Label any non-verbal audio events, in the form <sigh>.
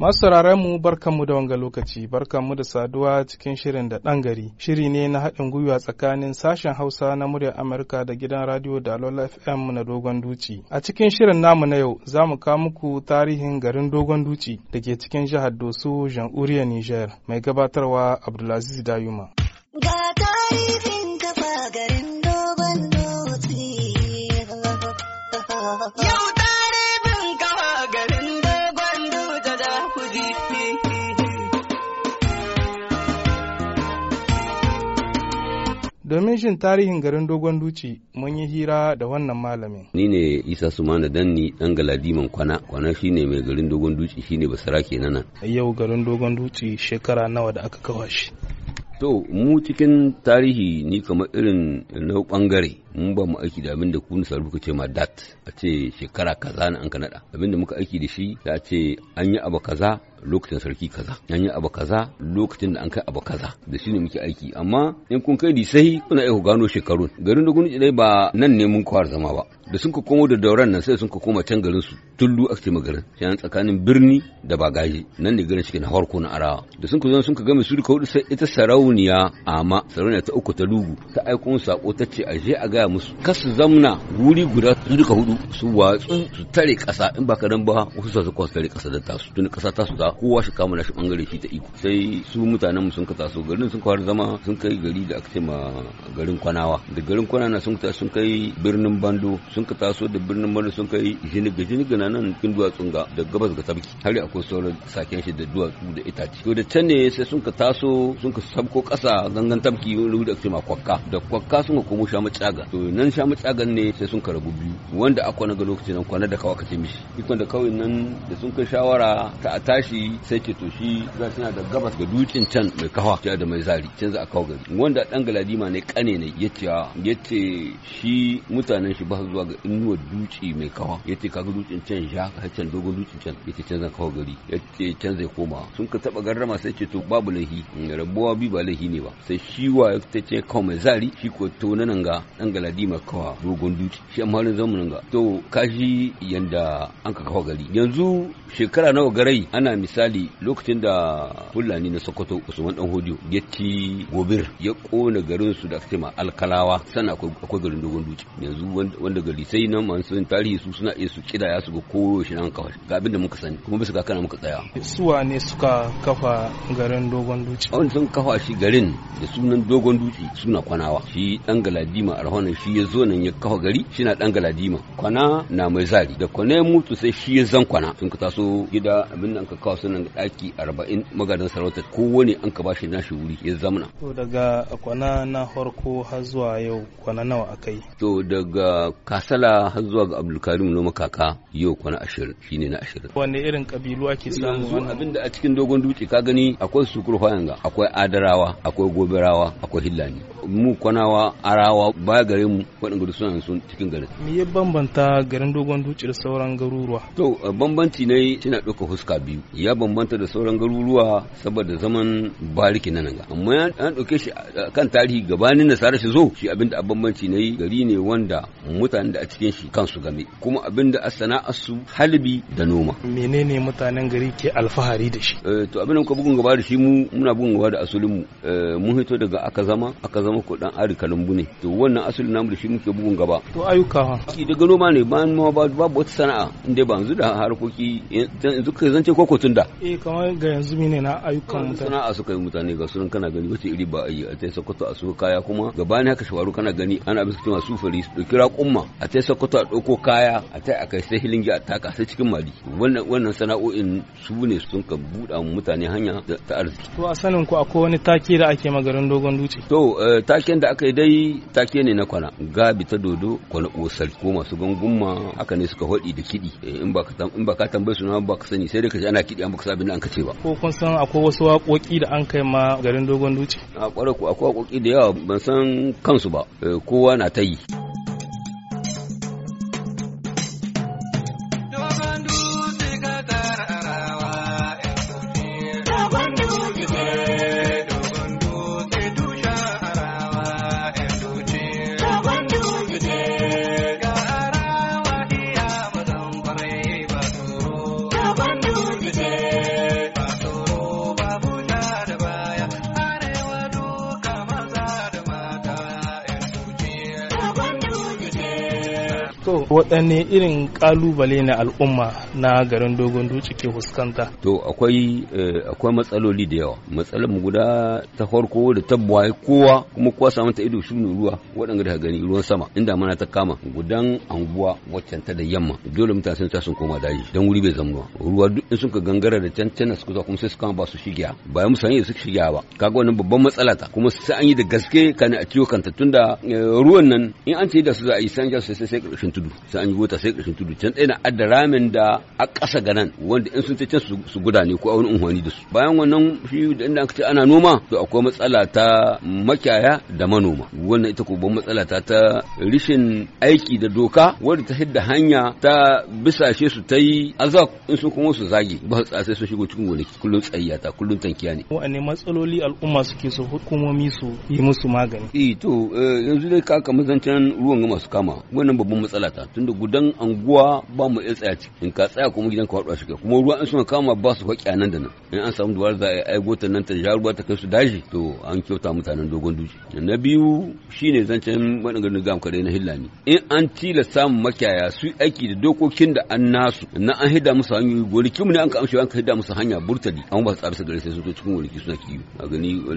Masu mu barkanmu da wanga lokaci, barkanmu da saduwa cikin shirin da ɗan gari. Shiri ne na haɗin gwiwa tsakanin sashen Hausa na muryar Amurka da gidan radio da Alola FM na Dogon Duci. A cikin shirin namu na yau za mu kawo muku tarihin garin Dogon Duci da ke cikin jihar Doso, Jamhuriyar Niger mai gabatarwa Abdulaziz Dayuma. Ga tarihin garin Dogon <laughs> Domin shin tarihin garin Dogon Duci mun yi hira da wannan malamin. Ni ne Isa Sumana Danni dan Galadiman Kwana. Kwana shine mai garin Dogon Duci shine basara kenan. Yau garin Dogon Duci shekara nawa da aka kawo shi. To, mu cikin tarihi ni kamar irin na bangare mun ba mu aiki da abinda kun saru kuka ce ma dat a ce shekara kaza na an ka nada abinda muka aiki da shi ta ce an yi abu kaza lokacin sarki kaza an yi abu kaza lokacin da an kai abu kaza da shi ne muke aiki amma in kun kai sai kuna iya gano shekarun garin da kun dai ba nan ne mun kwar zama ba da sun ka komo da dauran nan sai sun ka koma can garin su tullu aka ce magarin yana tsakanin birni da bagaji nan ne garin shi na harko na arawa da sun ka zo sun ka gama su duka hudu sai ita sarauniya amma sarauniya ta uku ta lugu ta aiko sako ta ce a je a gaya musu kasu zamna wuri guda su duka hudu su watsu su tare kasa in ba kadan ba wasu sa su kwasu tare kasa da tasu tun kasa tasu ta kowa shi kama shi bangare shi ta iko sai su mutanen mu sun ka taso garin sun kwar zama sun kai gari da aka ce ma garin kwanawa da garin kwanana sun sun kai birnin bando sun sun ka taso da birnin Mali sun kai jiniga jiniga na nan kin duwatsun ga da gabas ga tabki har akwai sauran saken shi da duwatsu da itace to da can ne sai sun ka taso sun ka sabko kasa gangan tabki wani da ake ma kwakka da kwakka sun ka komo shamu tsaga to nan shamu tsagan ne sai sun ka rabu biyu wanda akwai na ga lokacin nan kwana da kawa kace mishi ikon da kawai nan da sun kai shawara ta a tashi sai ke to shi za suna da gabas ga dutsen can mai kawa ya da mai zari can za a kawo gari wanda dan galadima ne kane ne ya ce shi mutanen shi ba zuwa ga inuwa dutse mai kawa ce kaga dutsen can ja ka can dogon dutsen can ce can zan kawo gari ya ce can zai koma sun ka taba garrama sai ce to babu lahi mm, rabuwa bi ba lahi ne ba sai shi wa ta ce kawo mai zari shi ko to nan ga dan galadi mai kawa dogon dutse shi amma ran zamu nan ga to kashi yanda an ka kawo gari yanzu shekara nawa garai ana misali lokacin da fulani na sokoto usman dan hodiyo ya ci gobir ya kona garin su da ake ma alkalawa sana akwai garin dogon dutse yanzu wanda hadisai na masu tarihi su suna iya su kidaya su ga koyo shi nan kawai ga abin da muka sani kuma bisa kana muka tsaya suwa ne suka kafa garin dogon duci an sun kafa shi garin da sunan dogon dutse suna kwanawa shi dan galadima arhonan shi ya zo nan ya kafa gari shi na dan galadima kwana na mai zari da kwana ya mutu sai shi ya zan kwana sun ka taso gida abin da an ka kawo sunan daki arba'in magadan sarauta kowane an ka bashi nashi wuri ya zamana to daga kwana na farko har zuwa yau kwana nawa akai to daga Katsala har zuwa ga Abdulkarim Noma Kaka yau kwana ashirin shi ne na ashirin. Wanne irin kabilu ake samu wannan? Abinda a cikin dogon dutse ka gani akwai sukur hoyanga, akwai adarawa, akwai goberawa, akwai hillani. Mu kwanawa arawa baya gare mu waɗanda suna sun cikin garin. Me ya bambanta garin dogon dutse da sauran garuruwa? To bambanci ne tana ɗauka huska biyu. Ya bambanta da sauran garuruwa saboda zaman bariki na nanga. Amma ya ɗauke shi kan tarihi gabanin nasarar shi zo shi abinda a bambanci ne gari ne wanda mutane da a cikin shi kansu game kuma abin da a sana'ar su halbi da noma menene mutanen gari ke alfahari da shi eh, to abin da bugun gaba da shi mu muna bugun gaba da asulin mu eh, mun hito daga aka zama aka zama ko dan ari kalumbu ne to wannan asulin namu da shi muke bugun gaba to ayyuka ha daga noma ne ba ba wata sana'a inda ba yanzu da harkoki yanzu kai zance koko tun da eh kamar ga yanzu mene na ayyukan mutane sana'a suka yi mutane ga sunan kana gani wace iri ba a yi a tsaye sokoto a su kaya kuma gaba ne haka shawaru kana gani ana bisa cewa su fari su dauki raƙumma a ta sokoto a ɗauko kaya a ta a kai sai hilingi a taka sai cikin mali wannan sana'o'in su ne sun ka buɗa mutane hanya ta arziki to a sanin ku akwai wani take da ake magarin dogon dutse. to eh, taken da aka yi dai take ne na kwana gabi ta dodo kwana osal ko masu gangunma haka ne suka hoɗi da kiɗi eh, in ba ka in ba ka tambaye ba ka sani sai dai ka ji ana kiɗi an baka sabin da an ka ce ba ko kun san akwai wasu waƙoƙi da an kai ma garin dogon dutse. a ƙwarar ku akwai waƙoƙi da yawa ban san kansu ba eh, kowa na ta yi To, waɗanne irin ƙalubale na al'umma na garin Dogon Dutse ke fuskanta? To, akwai eh, akwai matsaloli da yawa. Matsalar guda ta farko da ta buwaye kowa kuma kowa samun ta ido ne ruwa waɗanda da gani ruwan sama inda mana ta kama gudan anguwa waccan ta da yamma dole mutane sun sun koma daji dan wuri bai zama ruwa duk in suka gangara da can can kusa kuma sai kama ba su shigiya ba mu san su shigiya ba kaga wannan babban matsala ta kuma sai an yi da gaske kana a ciwo kanta tunda eh, ruwan nan in an ce da su za a yi san sai sai sai ƙarshen tudu sai an yi gota sai ƙarshen tudu can ɗaya na adda ramin da a ƙasa ga nan wanda in sun ce can su gudane ko a wani unhuwani da su bayan wannan shi da inda aka ce ana noma to akwai matsala ta makiyaya da manoma wannan ita ko ban matsala ta ta rishin aiki da doka wanda ta hidda hanya ta bisashe su ta yi azak in sun kuma su zage ba su sai sun shigo cikin gonaki kullum ta kullum tankiya ne wa'anne matsaloli al'umma suke so hukumomi su yi musu magani eh to eh, yanzu dai ka kamar zancen ruwan ga masu kama wannan babban matsala matsala ta tunda gudan anguwa ba mu iya tsaya ciki in ka tsaya kuma gidan ka faɗuwa shiga kuma ruwa in suna kama ba su faƙi nan da nan in an samu duwar za a yi gotan nan ta ja ruwa ta kai su daji to an kyauta mutanen dogon duci na biyu shine zancen waɗanda gam kadai na hillani in an tila samun makiyaya su aiki da dokokin da an nasu na an hidda musu hanyoyi gonakin mu ne an ka amshi an ka hidda musu hanya burtali an ba su tsara su gare sai su zo cikin gonaki suna kiwo a gani